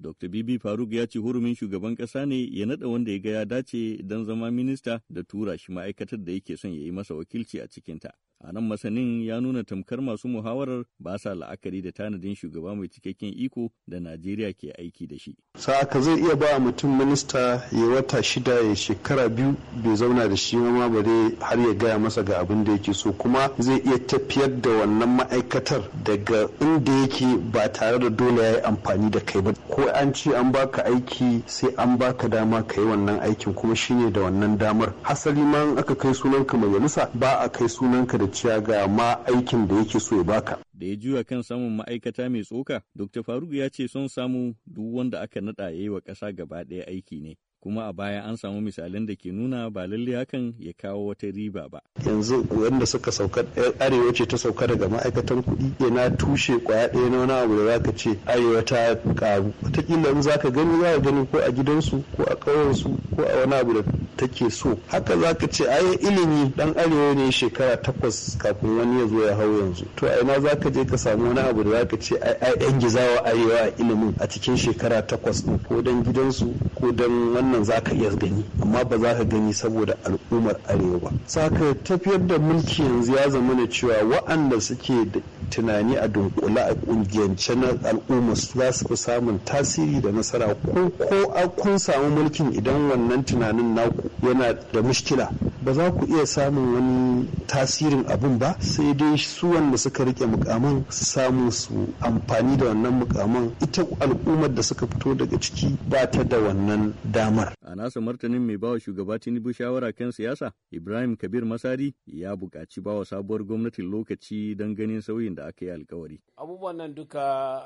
Dr. Bibi Faruk ya ce hurumin shugaban ƙasa ne ya naɗa wanda ya ga ya dace don zama minista da tura shi ma'aikatar da yake son ya yi masa wakilci a cikinta. A nan masanin ya nuna tamkar masu muhawarar ba sa la'akari da tanadin shugaba mai cikakken iko da Najeriya ke aiki da shi. Sa'aka zai iya ba mutum minista ya wata shida ya shekara biyu bai zauna da shi ma dai har ya gaya masa ga abin da yake so kuma zai iya tafiyar da wannan ma'aikatar daga inda yake ba tare da dole ya yi amfani da kai ba. Ko an ce an baka aiki sai an baka dama ka yi wannan aikin kuma shine da wannan damar. Hasali ma aka kai sunanka majalisa ba a kai sunanka da da ga ma aikin da yake so ya baka. Da ya juya kan samun ma'aikata mai tsoka, Dr. Faruk ya ce son samu duk wanda aka naɗa ya yi wa ƙasa gaba ɗaya aiki ne. kuma a baya an samu misalin da ke nuna ba lalle hakan ya kawo wata riba ba. Yanzu wanda suka sauka arewa ce ta sauka daga ma'aikatan kuɗi na tushe kwaya ɗaya na wani abu da za ka ce arewa ta karu. Wataƙila in za ka gani za ka gani ko a gidansu ko a ƙauyensu ko a wani abu da take so. Haka za ka ce ai ilimi ɗan arewa ne shekara takwas kafin wani ya zo ya hau yanzu. To a ina za ka je ka samu wani abu da za ka ce ai ɗan gizawa arewa a ilimin a cikin shekara takwas ko dan gidansu ko dan wani wannan za ka iya gani amma ba za ka gani saboda al'ummar arewa ba saka tafiyar da mulki yanzu ya zama na cewa wa'anda suke da tunani a dunkula a kungiyance na al'umma za su fi samun tasiri da nasara ko ko kun samu mulkin idan wannan tunanin naku yana da mushkila ba za ku iya samun wani tasirin abin ba sai dai su wanda suka rike mukaman su samu su amfani da wannan mukaman ita al'ummar da suka fito daga ciki ba ta da wannan damar A nasa martanin mai bawa shugaba Tinubu shawara kan siyasa, Ibrahim Kabir Masari ya buƙaci bawa sabuwar gwamnati lokaci don ganin sauyin da aka yi alkawari. Abubuwan nan duka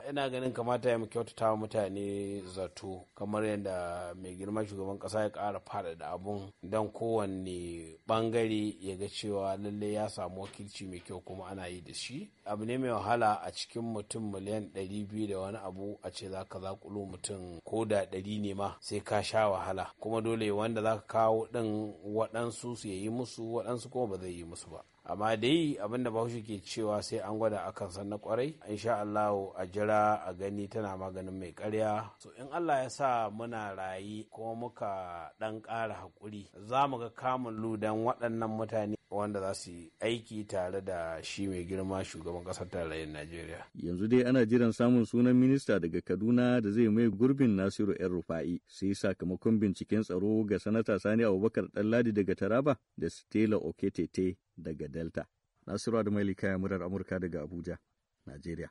yana ganin kamata ya kyautata kyautata mutane zato kamar yadda mai girma shugaban ƙasa ya ƙara da abun don kowanne bangare ya ga cewa lalle ya samu wakilci mai kyau kuma ana yi da shi. Abu ne mai wahala a cikin mutum miliyan ɗari biyu da wani abu a ce za ka zaƙulo mutum ko da ɗari ne ma sai ka sha wahala. kuma dole wanda za ka kawo ɗin waɗansu su yi musu waɗansu kuma ba zai yi musu ba amma dai abinda da bahaushe ke cewa sai an gwada akan san na kwarai insha Allah a jira a gani tana maganin mai karya so in Allah ya sa muna rayi kuma muka ɗan ƙara haƙuri. za mu ga kamun ludan waɗannan mutane wanda za su yi aiki tare da shi mai girma shugaban ƙasar tarayyar Najeriya. Yanzu dai ana jiran samun sunan minista daga Kaduna da zai mai gurbin Nasiru ‘yan Rufa'i, sai sakamakon binciken tsaro ga sanata Sani Abubakar Ɗanladi daga Taraba da Stella Oketete daga Delta. Nasiru Adamu Kaya Murar Amurka daga Abuja, Najeriya.